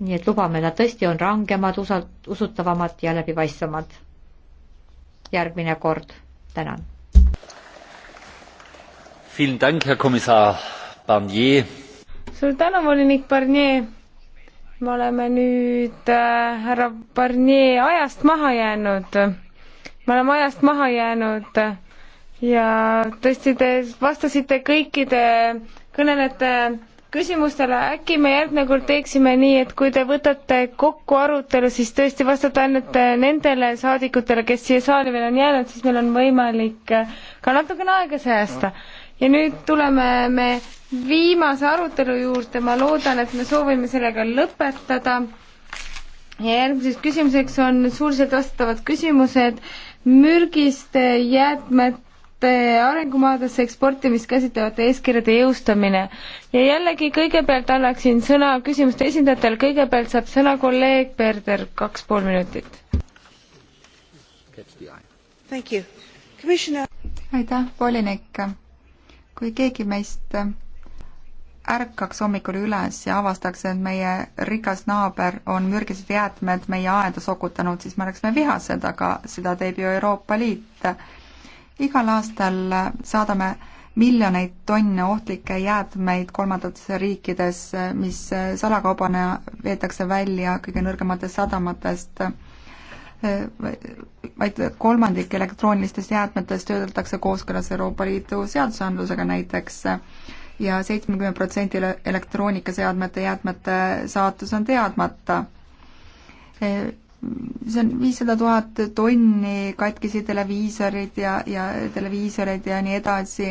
nii et lubame, nad tõesti on rangemad, usa-, usutavamad ja läbipaistvamad. järgmine kord, tänan. suur tänu, volinik Barnier. me oleme nüüd äh, härra Barnier ajast maha jäänud. me oleme ajast maha jäänud ja tõesti, te vastasite kõikide kõnelejate küsimustele, äkki me järgmine kord teeksime nii, et kui te võtate kokku arutelu, siis tõesti vastate ainult äh, nendele saadikutele, kes siia saali veel on jäänud, siis meil on võimalik äh, ka natukene aega säästa. ja nüüd tuleme me viimase arutelu juurde, ma loodan, et me soovime sellega lõpetada. ja järgmiseks küsimuseks on suuliselt vastatavad küsimused mürgiste jäätmete toote arengumaadesse eksportimist käsitlevate eeskirjade jõustamine. ja jällegi kõigepealt annaksin sõna küsimuste esindajatele, kõigepealt saab sõna kolleeg Perder, kaks pool minutit. aitäh, volinik. kui keegi meist ärkaks hommikul üles ja avastaks, et meie rikas naaber on mürgised jäätmed meie aeda sokutanud, siis me oleksime vihased, aga seda teeb ju Euroopa Liit igal aastal saadame miljoneid tonne ohtlikke jäätmeid kolmandatesse riikides, mis salakaubana veetakse välja kõige nõrgematest sadamatest. vaid kolmandik elektroonilistest jäätmetest töödeldakse kooskõlas Euroopa Liidu seadusandlusega näiteks ja seitsmekümne protsendi elektroonikaseadmete jäätmete saatus on teadmata see on viissada tuhat tonni katkisi televiisorid ja, ja televiisoreid ja nii edasi,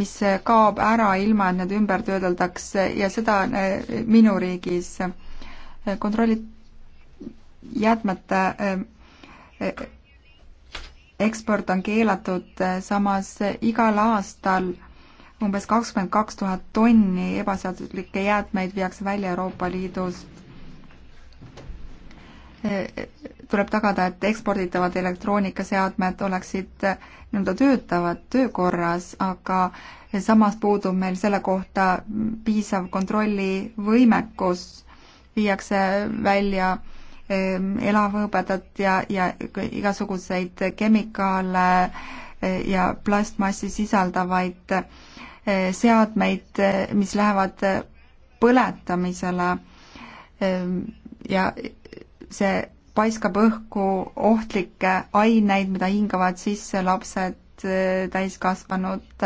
mis kaob ära, ilma et need ümber töödeldaks ja seda eh, minu riigis. kontrollid jäätmete eh, eksport on keelatud, samas igal aastal umbes kakskümmend kaks tuhat tonni ebaseaduslikke jäätmeid viiakse välja Euroopa Liidust tuleb tagada, et eksporditavad elektroonikaseadmed oleksid nii-öelda töötavad, töökorras, aga samas puudub meil selle kohta piisav kontrollivõimekus, viiakse välja ehm, elavhõõbedat ja, ja igasuguseid kemikaale eh, ja plastmassi sisaldavaid eh, seadmeid, eh, mis lähevad põletamisele ehm, ja see paiskab õhku ohtlikke aineid, mida hingavad sisse lapsed, äh, täiskasvanud.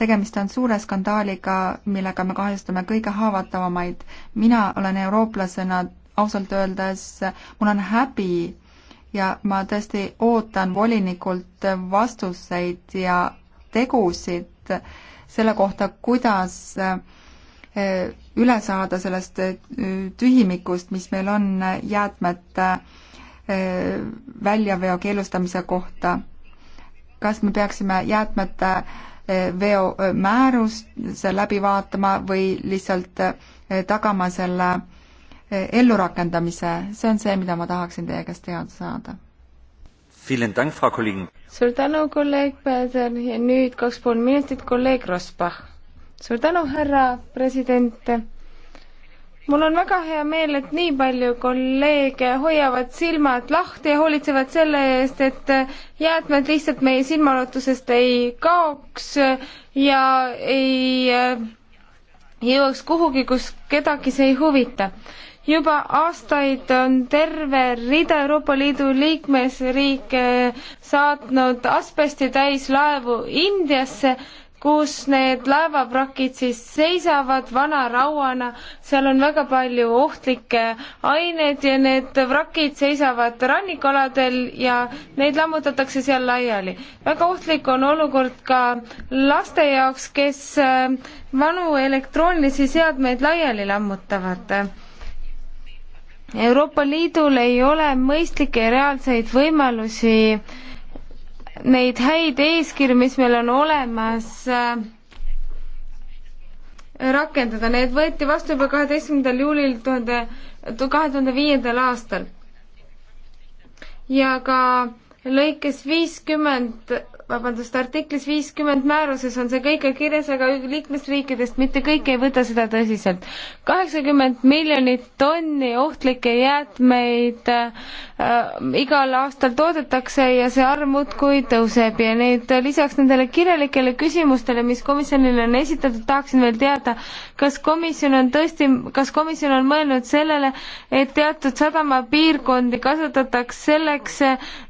tegemist on suure skandaaliga, millega me kahjustame kõige haavatavamaid. mina olen eurooplasena ausalt öeldes, mul on häbi ja ma tõesti ootan volinikult vastuseid ja tegusid selle kohta, kuidas äh, Eh, üle saada sellest eh, tühimikust, mis meil on eh, jäätmete väljaveo keelustamise kohta. kas me peaksime jäätmete veo määruse läbi vaatama või lihtsalt tagama selle ellurakendamise, see on see, mida ma tahaksin teie käest teada saada. suur tänu, kolleeg Päder ja nüüd kaks pool minutit, kolleeg Rosbach suur tänu, härra president. mul on väga hea meel, et nii palju kolleege hoiavad silmad lahti ja hoolitsevad selle eest, et jäätmed lihtsalt meie silmaulatusest ei kaoks ja ei äh, jõuaks kuhugi, kus kedagi see ei huvita juba aastaid on terve rida Euroopa Liidu liikmesriike saatnud asbesti täis laevu Indiasse kus need laevavrakid siis seisavad vana rauana, seal on väga palju ohtlikke aineid ja need vrakid seisavad rannikualadel ja neid lammutatakse seal laiali. väga ohtlik on olukord ka laste jaoks, kes äh, vanu elektroonilisi seadmeid laiali lammutavad Euroopa Liidul ei ole mõistlikke ja reaalseid võimalusi neid häid eeskirju, mis meil on olemas äh,, rakendada, need võeti vastu juba kaheteistkümnendal juulil tuhande, kahe tuhande viiendal aastal. ja ka lõikes viiskümmend 50 vabandust, artiklis viiskümmend määruses on see kõik kirjas, aga liikmesriikidest mitte kõik ei võta seda tõsiselt. kaheksakümmend miljonit tonni ohtlikke jäätmeid äh, igal aastal toodetakse ja see arv muudkui tõuseb ja nüüd lisaks nendele kirjalikele küsimustele, mis komisjonile on esitatud, tahaksin veel teada, kas komisjon on tõesti, kas komisjon on mõelnud sellele, et teatud sadamapiirkondi kasutatakse selleks,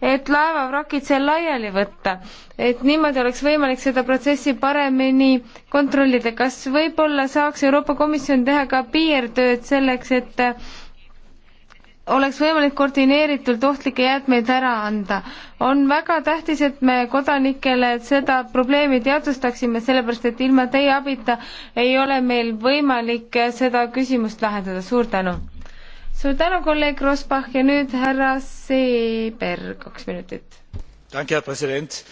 et laevavrakid seal laiali võtta? et niimoodi oleks võimalik seda protsessi paremini kontrollida. kas võib-olla saaks Euroopa Komisjon teha ka piirtööd selleks, et oleks võimalik koordineeritult ohtlikke jäätmeid ära anda. on väga tähtis, et me kodanikele seda probleemi teadvustaksime, sellepärast et ilma teie abita ei ole meil võimalik seda küsimust lahendada. suur tänu! suur tänu, kolleeg Rosbach ja nüüd härra Seeber, kaks minutit. tänan, hea president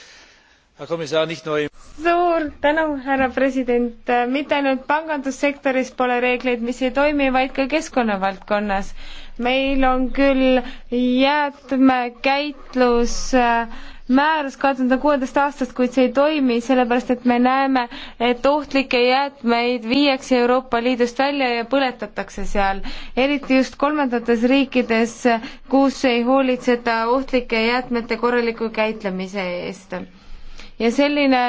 suur tänu, härra president. mitte ainult pangandussektoris pole reegleid, mis ei toimi, vaid ka keskkonnavaldkonnas. meil on küll jäätmekäitlus äh, määrus kahe tuhande kuuendast aastast, kuid see ei toimi, sellepärast et me näeme, et ohtlikke jäätmeid viiakse Euroopa Liidust välja ja põletatakse seal. eriti just kolmandates riikides, kus ei hoolitseta ohtlike jäätmete korraliku käitlemise eest ja selline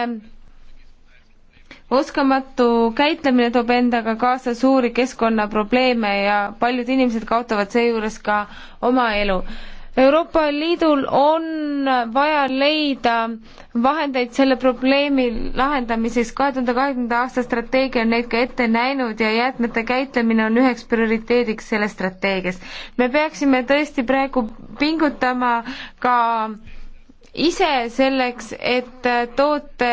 oskamatu käitlemine toob endaga kaasa suuri keskkonnaprobleeme ja paljud inimesed kaotavad seejuures ka oma elu. Euroopa Liidul on vaja leida vahendeid selle probleemi lahendamiseks. kahe tuhande kahekümnenda aasta strateegia on neid ka ette näinud ja jäätmete käitlemine on üheks prioriteediks selles strateegias. me peaksime tõesti praegu pingutama ka äh, ise selleks, et toote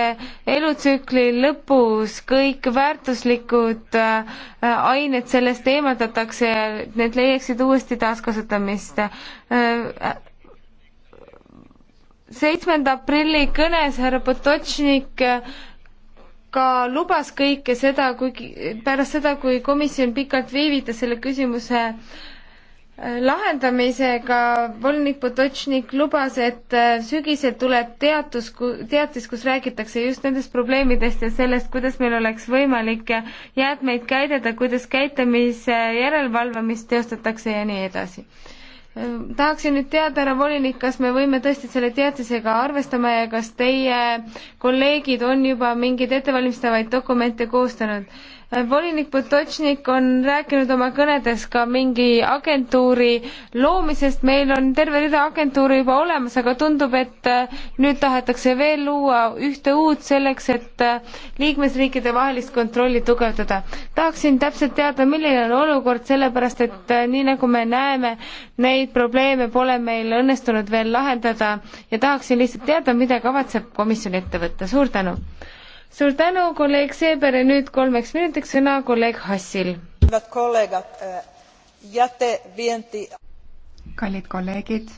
elutsükli lõpus kõik väärtuslikud äh, ained sellest eemaldatakse ja need leiaksid uuesti taaskasutamist. Äh, seitsmenda aprilli kõnes härra Potočnik äh, ka lubas kõike seda, kuigi pärast seda, kui komisjon pikalt viivitas selle küsimuse äh, lahendamisega volinik Potočnik lubas, et äh, sügisel tuleb teatus, teatis, kus räägitakse just nendest probleemidest ja sellest, kuidas meil oleks võimalik jäätmeid käidelda, kuidas käitamise järelevalvamist teostatakse ja nii edasi. Äh, tahaksin nüüd teada, härra volinik, kas me võime tõesti selle teatisega arvestama ja kas teie kolleegid on juba mingeid ettevalmistavaid dokumente koostanud? volinik Potočnik on rääkinud oma kõnedes ka mingi agentuuri loomisest, meil on terve rida agentuure juba olemas, aga tundub, et äh, nüüd tahetakse veel luua ühte uut selleks, et äh, liikmesriikide vahelist kontrolli tugevdada. tahaksin täpselt teada, milline on olukord, sellepärast et äh, nii nagu me näeme, neid probleeme pole meil õnnestunud veel lahendada ja tahaksin lihtsalt teada, mida kavatseb komisjon ette võtta, suur tänu! suur tänu, kolleeg Seeber ja nüüd kolmeks minutiks sõna kolleeg Hassil. Eh, kallid kolleegid,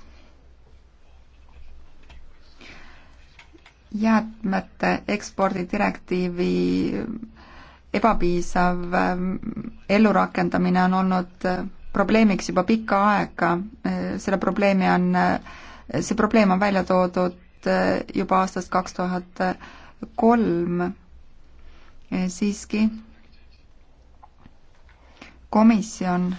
jäätmete ekspordidirektiivi ebapiisav eh, ellurakendamine on olnud eh, probleemiks juba pikka aega, selle probleemi on, see probleem on välja toodud juba aastast kaks tuhat kolm eh, siiski komisjon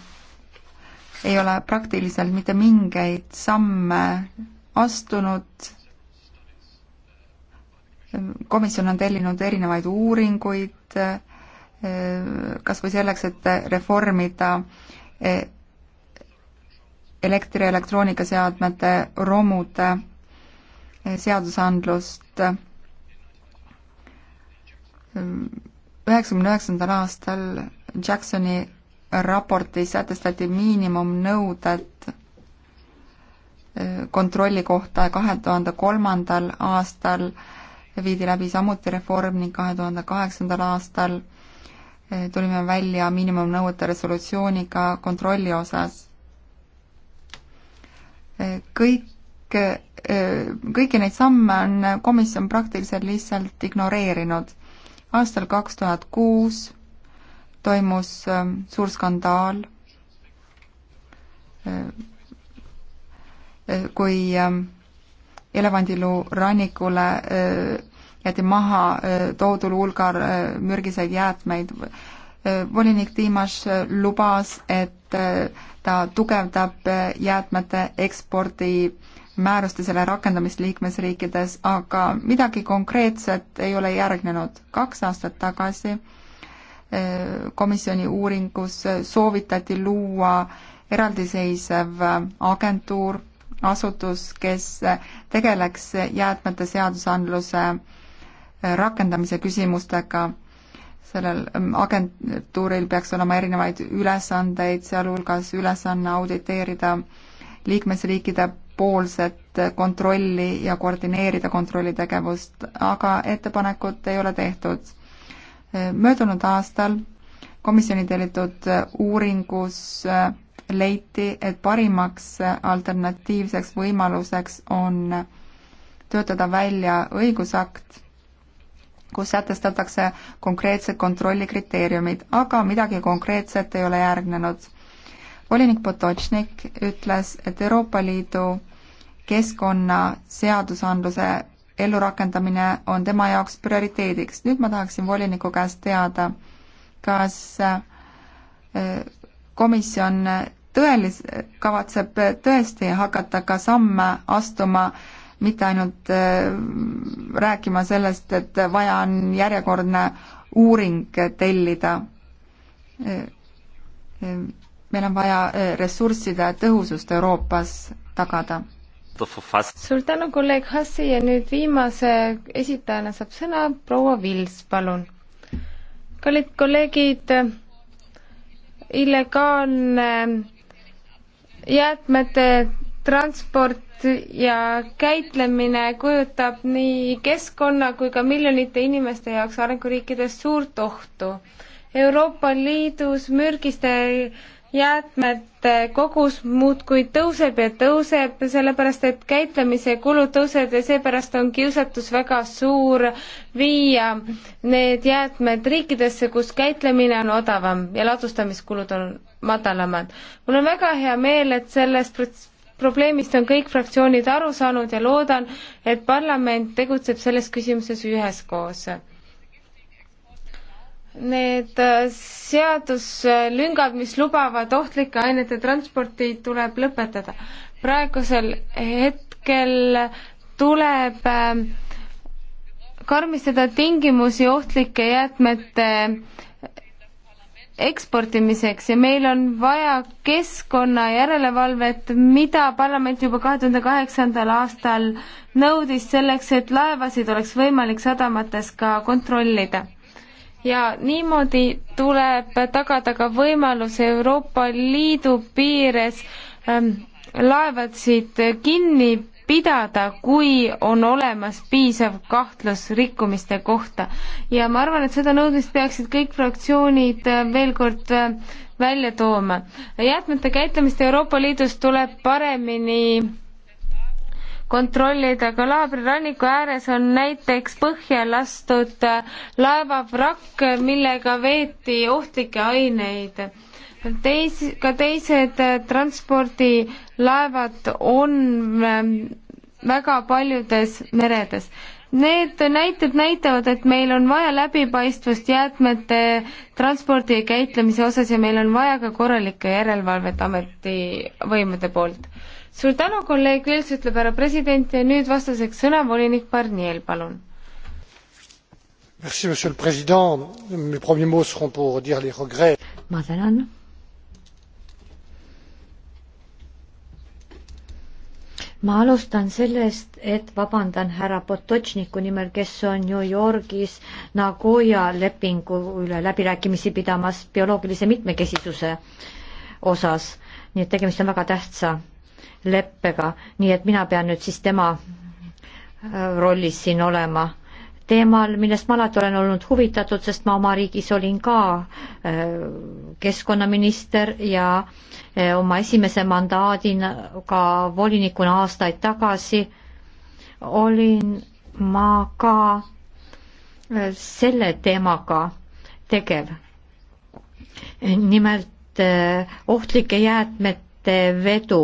ei ole praktiliselt mitte mingeid samme astunud. komisjon on tellinud erinevaid uuringuid, eh, kas või selleks, et reformida eh, elektri- ja elektroonikaseadmete romude seadusandlust üheksakümne üheksandal aastal Jacksoni raportis sätestati miinimumnõuded eh, kontrolli kohta ja kahe tuhande kolmandal aastal viidi läbi samuti reform ning kahe tuhande kaheksandal aastal eh, tulime välja miinimumnõuete resolutsiooniga kontrolli osas. Eh, kõik, kõiki neid samme on komisjon praktiliselt lihtsalt ignoreerinud aastal kaks tuhat kuus toimus ähm, suur skandaal, äh, äh, kui ähm, elevandiluu rannikule äh, jäeti maha toodul hulgal mürgiseid jäätmeid. volinik Dimas lubas, et ta tugevdab jäätmete ekspordi äh, määruste selle rakendamist liikmesriikides, aga midagi konkreetset ei ole järgnenud. kaks aastat tagasi eh, komisjoni uuringus soovitati luua eraldiseisev eh, agentuur, asutus, kes eh, tegeleks jäätmete seadusandluse rakendamise küsimustega. sellel mm, agentuuril peaks olema erinevaid ülesandeid, sealhulgas ülesanne auditeerida liikmesriikide poolset kontrolli ja koordineerida kontrollitegevust, aga ettepanekut ei ole tehtud. möödunud aastal komisjoni tellitud uuringus leiti, et parimaks alternatiivseks võimaluseks on töötada välja õigusakt, kus sätestatakse konkreetsed kontrollikriteeriumid, aga midagi konkreetset ei ole järgnenud volinik Potočnik ütles, et Euroopa Liidu keskkonnaseadusandluse ellurakendamine on tema jaoks prioriteediks. nüüd ma tahaksin voliniku käest teada, kas äh, komisjon tõelis-, kavatseb tõesti hakata ka samme astuma, mitte ainult äh, rääkima sellest, et vaja on järjekordne uuring tellida äh, meil on vaja äh, ressursside tõhusust Euroopas tagada. suur tänu, kolleeg Hassi ja nüüd viimase esitajana saab sõna proua Vils, palun. kallid kolleegid, illegaalne jäätmete transport ja käitlemine kujutab nii keskkonna kui ka miljonite inimeste jaoks arenguriikides suurt ohtu. Euroopa Liidus mürgiste jäätmete kogus muudkui tõuseb ja tõuseb, sellepärast et käitlemise kulud tõusevad ja seepärast on kiusatus väga suur viia need jäätmed riikidesse, kus käitlemine on odavam ja ladustamiskulud on madalamad. mul on väga hea meel, et sellest probleemist on kõik fraktsioonid aru saanud ja loodan, et parlament tegutseb selles küsimuses üheskoos Need äh, seaduslüngad, mis lubavad ohtlike ainete transporti, tuleb lõpetada. praegusel hetkel tuleb äh, karmistada tingimusi ohtlike jäätmete eksportimiseks ja meil on vaja keskkonnajärelevalvet, mida parlament juba kahe tuhande kaheksandal aastal nõudis selleks, et laevasid oleks võimalik sadamates ka kontrollida ja niimoodi tuleb tagada ka võimalus Euroopa Liidu piires ähm, laevasid kinni pidada, kui on olemas piisav kahtlus rikkumiste kohta. ja ma arvan, et seda nõudmist peaksid kõik fraktsioonid äh, veel kord äh, välja tooma. jäätmete käitlemist Euroopa Liidus tuleb paremini kontrollida. Kalaabri ranniku ääres on näiteks põhja lastud laevavrakk, millega veeti ohtlikke aineid. Teis, ka teised transpordilaevad on ähm, väga paljudes meredes. Need näited näitavad, et meil on vaja läbipaistvust jäätmete transpordi ja käitlemise osas ja meil on vaja ka korralikku järelevalvet ametivõimude poolt suur tänu, kolleeg Vils, ütleb härra president ja nüüd vastuseks sõna volinik Barnier, palun. Merci, monsieur le président. Mes premiers mots seront pour dire les regrets. ma tänan. ma alustan sellest, et vabandan härra Potočniku nimel, kes on New Yorgis Nagoya lepingu üle läbirääkimisi pidamas bioloogilise mitmekesisuse osas. nii et tegemist on väga tähtsa leppega, nii et mina pean nüüd siis tema äh, rollis siin olema. teemal, millest ma alati olen olnud huvitatud, sest ma oma riigis olin ka äh, keskkonnaminister ja äh, oma esimese mandaadina ka volinikuna aastaid tagasi olin ma ka selle teemaga tegev. nimelt ohtlike jäätmete vedu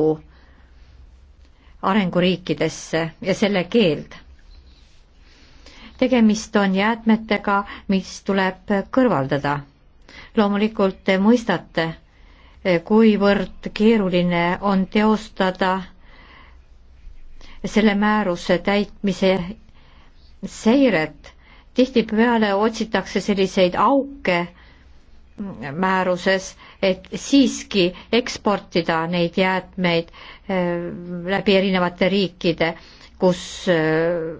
arenguriikidesse ja selle keeld. tegemist on jäätmetega, mis tuleb kõrvaldada. loomulikult te mõistate, kuivõrd keeruline on teostada selle määruse täitmise seiret. tihtipeale otsitakse selliseid auke määruses, et siiski eksportida neid jäätmeid Äh, läbi erinevate riikide, kus äh,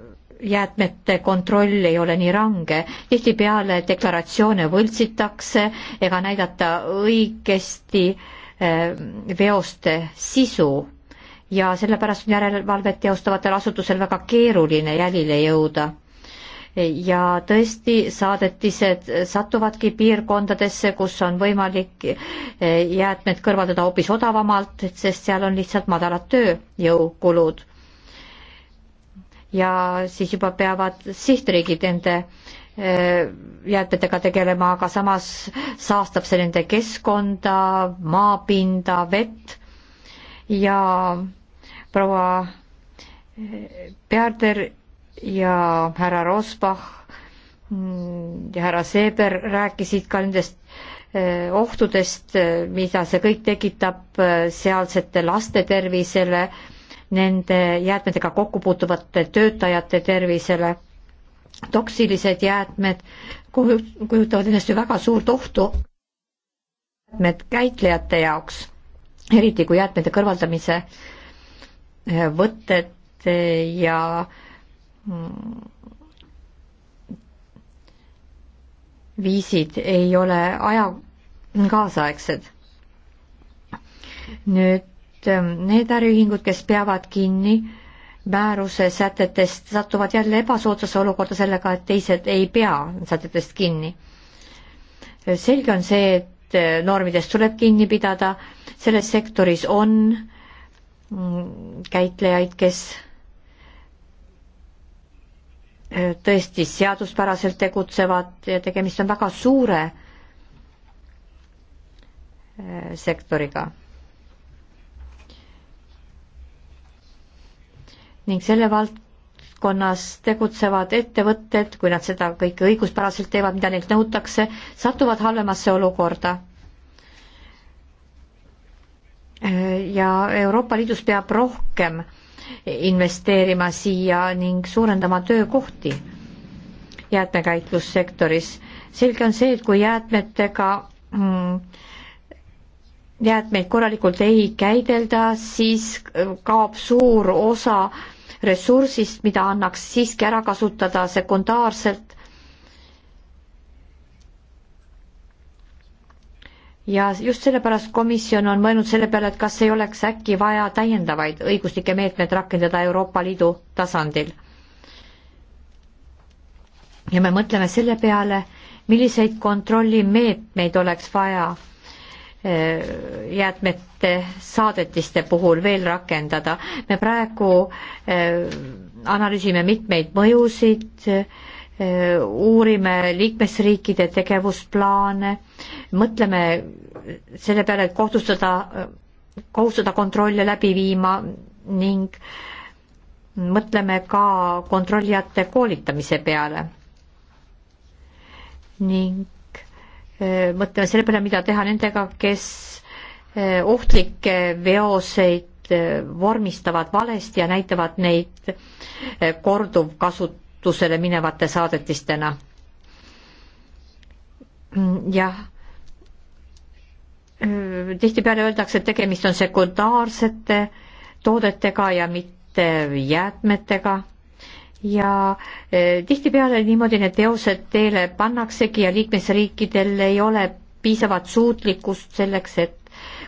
jäätmete kontroll ei ole nii range. tihtipeale deklaratsioone võltsitakse ega näidata õigesti äh, veoste sisu ja sellepärast on järelevalvet teostavatel asutusel väga keeruline jälile jõuda ja tõesti, saadetised satuvadki piirkondadesse, kus on võimalik eh, jäätmed kõrvaldada hoopis odavamalt, sest seal on lihtsalt madalad tööjõukulud. ja siis juba peavad sihtriigid enda eh, jäätmetega tegelema, aga samas saastab see nende keskkonda, maapinda, vett ja proua eh, Pearder ja härra Rosbach mm, ja härra Seeber rääkisid ka nendest eh, ohtudest, eh, mida see kõik tekitab eh, sealsete laste tervisele, nende jäätmetega kokku puutuvate töötajate tervisele. toksilised jäätmed kujutavad endast ju väga suurt ohtu jäätmed käitlejate jaoks, eriti kui jäätmete kõrvaldamise võtted ja äh, Hmm. viisid ei ole aja kaasaegsed. nüüd ähm, need äriühingud, kes peavad kinni määruse sätetest, satuvad jälle ebasoodsasse olukorda sellega, et teised ei pea sätetest kinni. selge on see, et äh, normidest tuleb kinni pidada, selles sektoris on mm, käitlejaid, kes tõesti seaduspäraselt tegutsevad ja tegemist on väga suure sektoriga. ning selle valdkonnas tegutsevad ettevõtted, kui nad seda kõike õiguspäraselt teevad, mida neilt nõutakse, satuvad halvemasse olukorda. ja Euroopa Liidus peab rohkem äh, investeerima siia ning suurendama töökohti jäätmekäitlussektoris. selge on see, et kui jäätmetega mm, jäätmeid korralikult ei käidelda, siis kaob suur osa ressursist, mida annaks siiski ära kasutada sekundaarselt ja just sellepärast komisjon on mõelnud selle peale, et kas ei oleks äkki vaja täiendavaid õiguslikke meetmeid rakendada Euroopa Liidu tasandil. ja me mõtleme selle peale, milliseid kontrollimeetmeid oleks vaja äh, jäätmete saadetiste puhul veel rakendada. me praegu äh, analüüsime mitmeid mõjusid äh, uurime liikmesriikide tegevusplaane, mõtleme selle peale, et kohtustada, kohustada kontrolle läbi viima ning mõtleme ka kontrollijate koolitamise peale. ning e, mõtleme selle peale, mida teha nendega, kes e, ohtlikke veoseid e, vormistavad valesti ja näitavad neid korduvkasut-, kasutusele minevate saadetistena. jah, tihtipeale öeldakse, et tegemist on sekundaarsete toodetega ja mitte jäätmetega ja eh, tihtipeale niimoodi need teosed teele pannaksegi ja liikmesriikidel ei ole piisavat suutlikkust selleks, et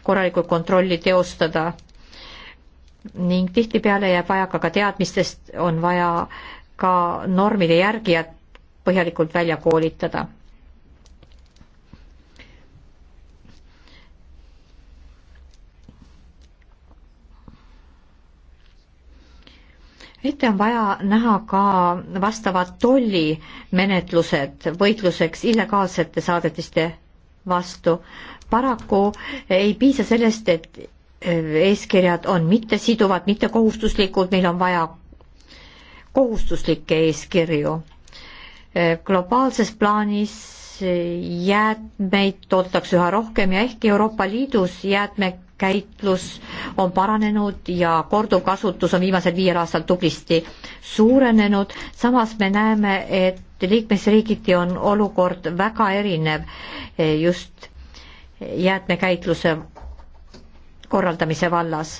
korralikult kontrolli teostada ning tihtipeale jääb vaja ka, ka teadmistest, on vaja ka normide järgijad põhjalikult välja koolitada. ette on vaja näha ka vastavad tollimenetlused võitluseks illegaalsete saadetiste vastu. paraku ei piisa sellest, et eeskirjad on mittesiduvad, mittekohustuslikud, meil on vaja kohustuslikke eeskirju. Eh, globaalses plaanis eh, jäätmeid toodetakse üha rohkem ja ehkki Euroopa Liidus jäätmekäitlus on paranenud ja korduvkasutus on viimasel viiel aastal tublisti suurenenud, samas me näeme, et liikmesriigiti on olukord väga erinev eh, just jäätmekäitluse korraldamise vallas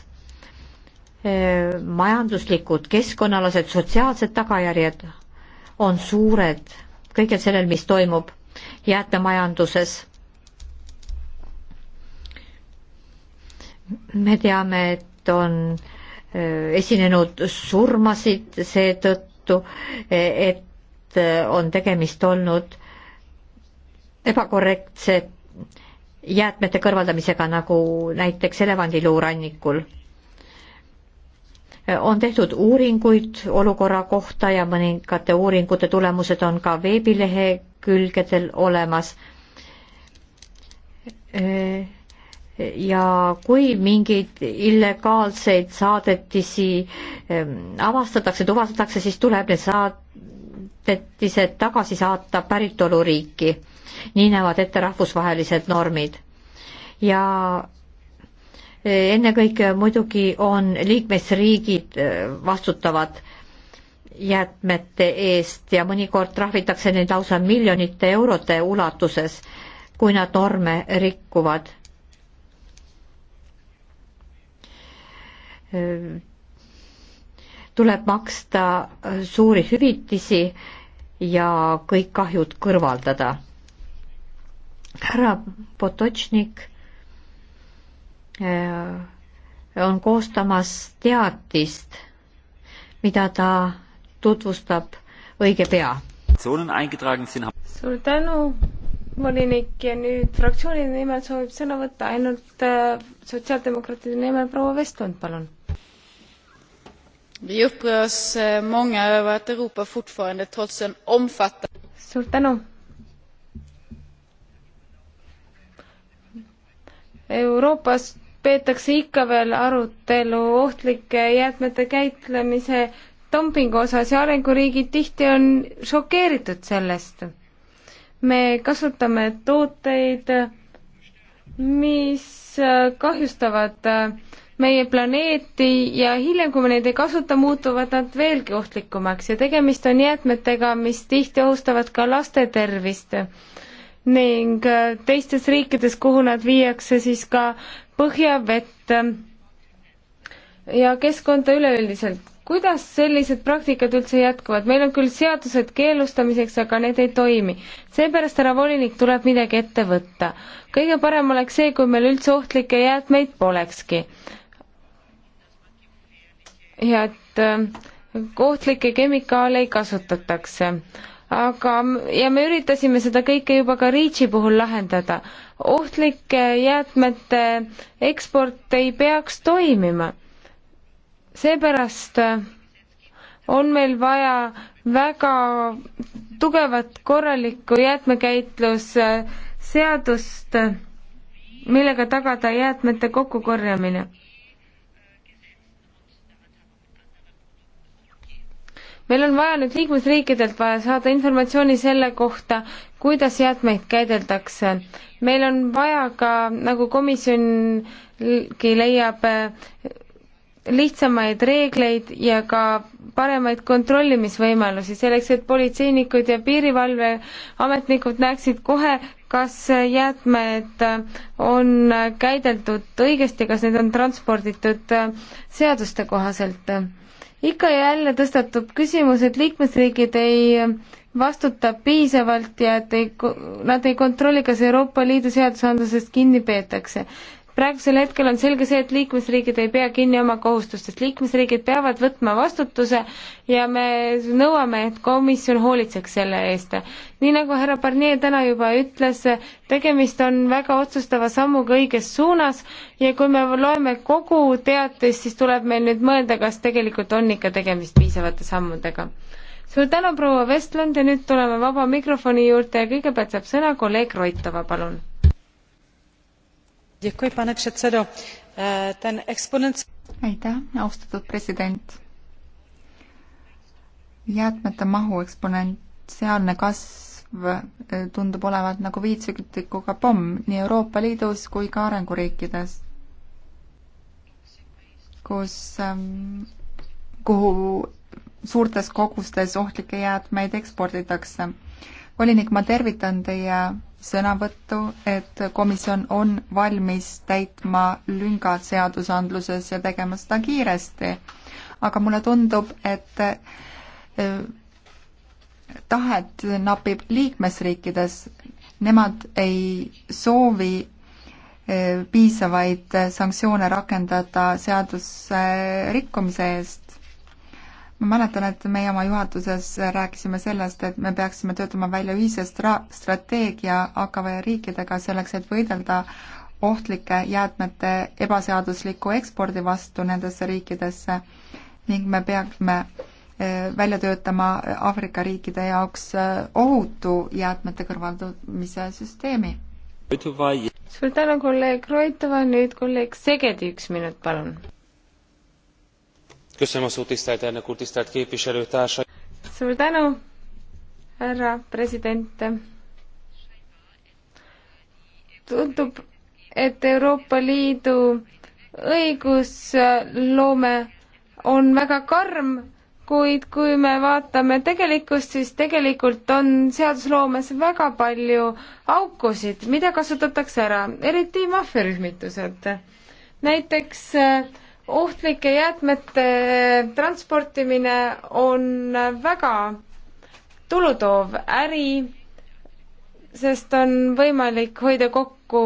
majanduslikud, keskkonnaalased, sotsiaalsed tagajärjed on suured kõigel sellel, mis toimub jäätmemajanduses. me teame, et on äh, esinenud surmasid seetõttu, e, et e, on tegemist olnud ebakorrektse jäätmete kõrvaldamisega, nagu näiteks elevandiluurannikul on tehtud uuringuid olukorra kohta ja mõningate uuringute tulemused on ka veebilehekülgedel olemas. ja kui mingeid illegaalseid saadetisi ehm, avastatakse, tuvastatakse, siis tuleb need saadetised tagasi saata päritoluriiki. nii näevad ette rahvusvahelised normid. ja ennekõike muidugi on liikmesriigid äh, vastutavad jäätmete eest ja mõnikord trahvitakse neid lausa miljonite eurode ulatuses, kui nad norme rikkuvad. Äh, tuleb maksta äh, suuri hüvitisi ja kõik kahjud kõrvaldada. härra Potočnik Äh, on koostamas teatist, mida ta tutvustab õige pea. suur tänu, volinik ja nüüd fraktsioonide nimel soovib sõna võtta ainult äh, sotsiaaldemokraatide nimel proua Vestlund, palun. Äh, suur tänu Euroopas peetakse ikka veel arutelu ohtlike jäätmete käitlemise dumpingu osas ja arenguriigid tihti on šokeeritud sellest. me kasutame tooteid, mis kahjustavad meie planeeti ja hiljem, kui me neid ei kasuta, muutuvad nad veelgi ohtlikumaks ja tegemist on jäätmetega, mis tihti ohustavad ka laste tervist ning äh, teistes riikides, kuhu nad viiakse siis ka põhjavett ähm, ja keskkonda üleüldiselt. kuidas sellised praktikad üldse jätkuvad? meil on küll seadused keelustamiseks, aga need ei toimi. seepärast, härra volinik, tuleb midagi ette võtta. kõige parem oleks see, kui meil üldse ohtlikke jäätmeid polekski. ja et ähm, ohtlikke kemikaale ei kasutataks aga, ja me üritasime seda kõike juba ka REACH-i puhul lahendada. ohtlike jäätmete eksport ei peaks toimima. seepärast äh, on meil vaja väga tugevat korralikku jäätmekäitlusseadust, äh, äh, millega tagada jäätmete kokkukorjamine meil on vaja nüüd liikmesriikidelt vaja saada informatsiooni selle kohta, kuidas jäätmeid käideldakse. meil on vaja ka, nagu komisjongi leiab, lihtsamaid reegleid ja ka paremaid kontrollimisvõimalusi selleks, et politseinikud ja piirivalveametnikud näeksid kohe, kas jäätmed on käideldud õigesti, kas need on transporditud seaduste kohaselt ikka ja jälle tõstatub küsimus, et liikmesriigid ei vastuta piisavalt ja et ei, nad ei kontrolli, kas Euroopa Liidu seadusandlusest kinni peetakse praegusel hetkel on selge see, et liikmesriigid ei pea kinni oma kohustustest, liikmesriigid peavad võtma vastutuse ja me nõuame, et komisjon hoolitseks selle eest. nii nagu härra Barnier täna juba ütles, tegemist on väga otsustava sammuga õiges suunas ja kui me loeme kogu teatist, siis tuleb meil nüüd mõelda, kas tegelikult on ikka tegemist piisavate sammudega suur tänu, proua Vestlund ja nüüd tuleme vaba mikrofoni juurde ja kõigepealt saab sõna kolleeg Roitova, palun Eh, aitäh, austatud president. jäätmete mahu eksponentsiaalne kasv eh, tundub olevat nagu viitsükutikuga pomm nii Euroopa Liidus kui ka arenguriikides, kus, ehm, kuhu suurtes kogustes ohtlikke jäätmeid eksporditakse. volinik, ma tervitan teie sõnavõttu, et komisjon on valmis täitma lüngad seadusandluses ja tegema seda kiiresti. aga mulle tundub, et e, tahet napib liikmesriikides, nemad ei soovi e, piisavaid sanktsioone rakendada seaduse rikkumise eest ma mäletan, et meie oma juhatuses rääkisime sellest, et me peaksime töötama välja ühise stra-, strateegia AKV riikidega selleks, et võidelda ohtlike jäätmete ebaseadusliku ekspordi vastu nendesse riikidesse ning me peaksime eh, välja töötama eh, Aafrika riikide jaoks eh, ohutu jäätmete kõrvaldamise süsteemi. suur tänu, kolleeg Roitova, nüüd kolleeg Segedi, üks minut, palun tisztelt elnök úr tisztelt képviselőtársaim! suur tänu härra president! tundub et euroopa liidu õigusloome on väga karm kuid kui me vaatame tegelikkust, siis tegelikult on seadusloomes väga palju aukusid, mida kasutatakse ära, eriti maffiarühmitused. näiteks äh, ohtlike jäätmete transportimine on väga tulutoov äri, sest on võimalik hoida kokku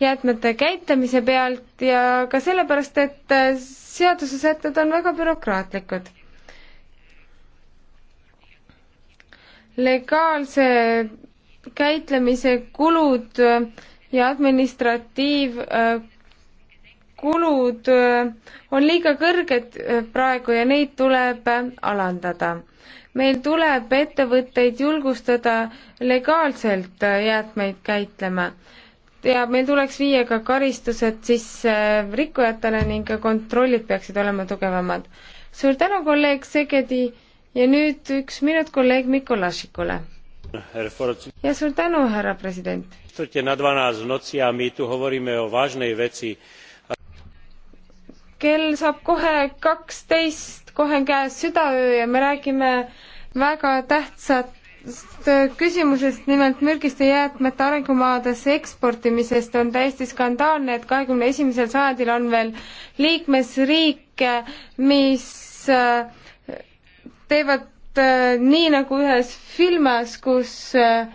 jäätmete käitlemise pealt ja ka sellepärast, et seadusesätted on väga bürokraatlikud. legaalse käitlemise kulud ja administratiiv äh, kulud äh, on liiga kõrged äh, praegu ja neid tuleb äh, alandada. meil tuleb ettevõtteid julgustada legaalselt jäätmeid käitlema ja meil tuleks viia ka karistused sisse rikkujatele ning ka kontrollid peaksid olema tugevamad. suur tänu, kolleeg Segedi ja nüüd üks minut kolleeg Mikolašikule. ja suur tänu, härra president kell saab kohe kaksteist, kohe on käes südaöö ja me räägime väga tähtsat küsimusest, nimelt mürgiste jäätmete arengumaadesse eksportimisest on täiesti skandaalne, et kahekümne esimesel sajandil on veel liikmesriike, mis äh, teevad äh, nii nagu ühes filmas, kus äh,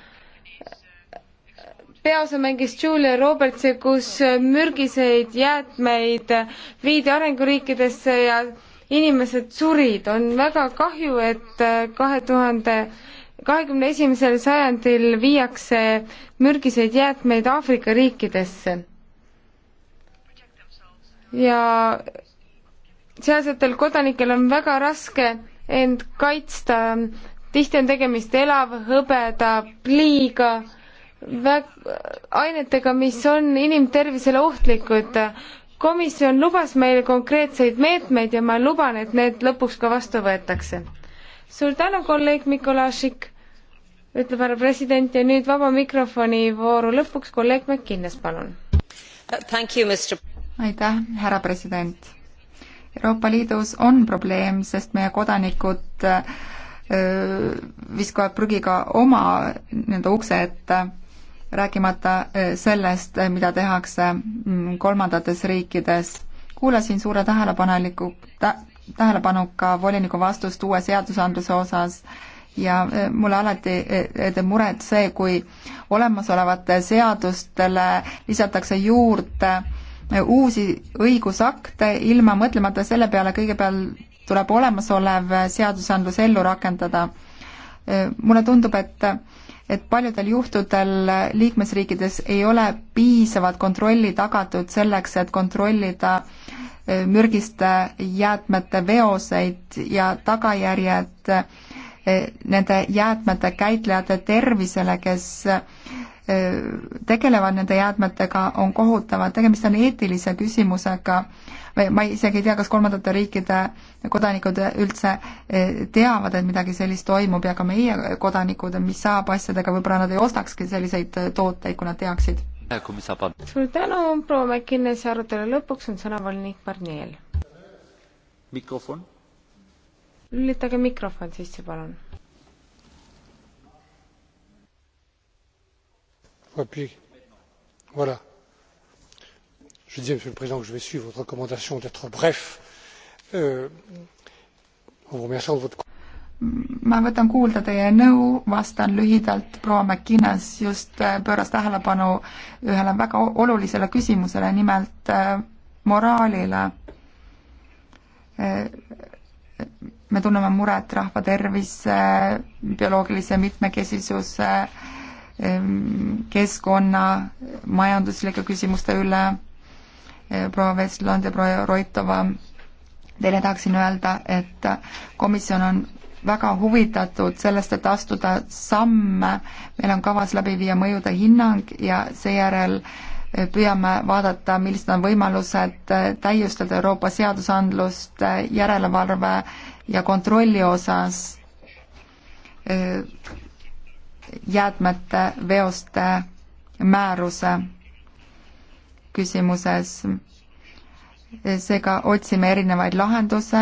peos mängis Julia Roberts, kus mürgiseid jäätmeid viidi arenguriikidesse ja inimesed surid. on väga kahju, et äh, kahe tuhande kahekümne esimesel sajandil viiakse mürgiseid jäätmeid Aafrika riikidesse. ja sealsetel kodanikel on väga raske end kaitsta, tihti on tegemist elavhõbeda pliiga väg-, ainetega, mis on inimtervisele ohtlikud. komisjon lubas meile konkreetseid meetmeid ja ma luban, et need lõpuks ka vastu võetakse. suur tänu, kolleeg Mikolašik, ütleb härra president ja nüüd vaba mikrofoni vooru lõpuks kolleeg McInnes, palun. aitäh, härra president. Euroopa Liidus on probleem, sest meie kodanikud öö, äh, viskavad prügiga oma nii-öelda ukse ette rääkimata eh, sellest, eh, mida tehakse mm, kolmandates riikides. kuulasin suure tähelepaneliku tä,, tähelepanuka voliniku vastust uue seadusandluse osas ja eh, mulle alati teeb muret see, kui olemasolevate seadustele lisatakse juurde uusi õigusakte ilma mõtlemata selle peale, kõigepealt tuleb olemasolev seadusandlus ellu rakendada. mulle tundub, et et paljudel juhtudel liikmesriikides ei ole piisavat kontrolli tagatud selleks, et kontrollida e, mürgiste jäätmete veoseid ja tagajärjed e, nende jäätmete käitlejate tervisele, kes tegelevad nende jäätmetega, on kohutavad, tegemist on eetilise küsimusega või ma isegi ei tea, kas kolmandate riikide kodanikud üldse eh, teavad, et midagi sellist toimub ja ka meie kodanikud, mis saab asjadega, võib-olla nad ei ostakski selliseid tooteid, kui nad teaksid. suur tänu, proua Mäkkinnes, arutelu lõpuks on sõna volinik Barniel. mikrofon. lülitage mikrofon sisse, palun je disais monsieur le président que je vais suivre votre recommandation d'être bref euh, en vous remerciant de votre. ma võtan kuulda teie nõu, vastan lühidalt, proua McInnes just äh, pööras tähelepanu ühele väga olulisele küsimusele, nimelt äh, moraalile. Äh, me tunneme muret rahva tervise, bioloogilise mitmekesisuse keskkonna, majanduslike küsimuste üle, proua Vestland ja proua Roitova, teile tahaksin öelda, et komisjon on väga huvitatud sellest, et astuda samme, meil on kavas läbi viia mõjude hinnang ja seejärel eh, püüame vaadata, millised on võimalused eh, täiustada Euroopa seadusandlust eh, järelevalve ja kontrolli osas jäätmete veoste määruse küsimuses. seega otsime erinevaid lahenduse,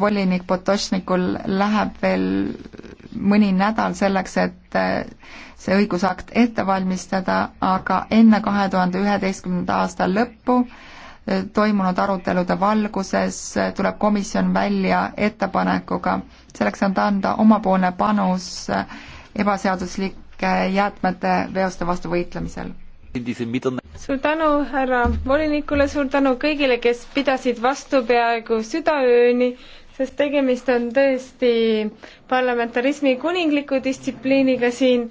volinik Potošnikul läheb veel mõni nädal selleks, et see õigusakt ette valmistada, aga enne kahe tuhande üheteistkümnenda aasta lõppu toimunud arutelude valguses tuleb komisjon välja ettepanekuga. selleks on ta anda omapoolne panus äh, ebaseaduslike jäätmete veoste vastu võitlemisel. suur tänu härra volinikule, suur tänu kõigile, kes pidasid vastu peaaegu südaööni, sest tegemist on tõesti parlamentarismi kuningliku distsipliiniga siin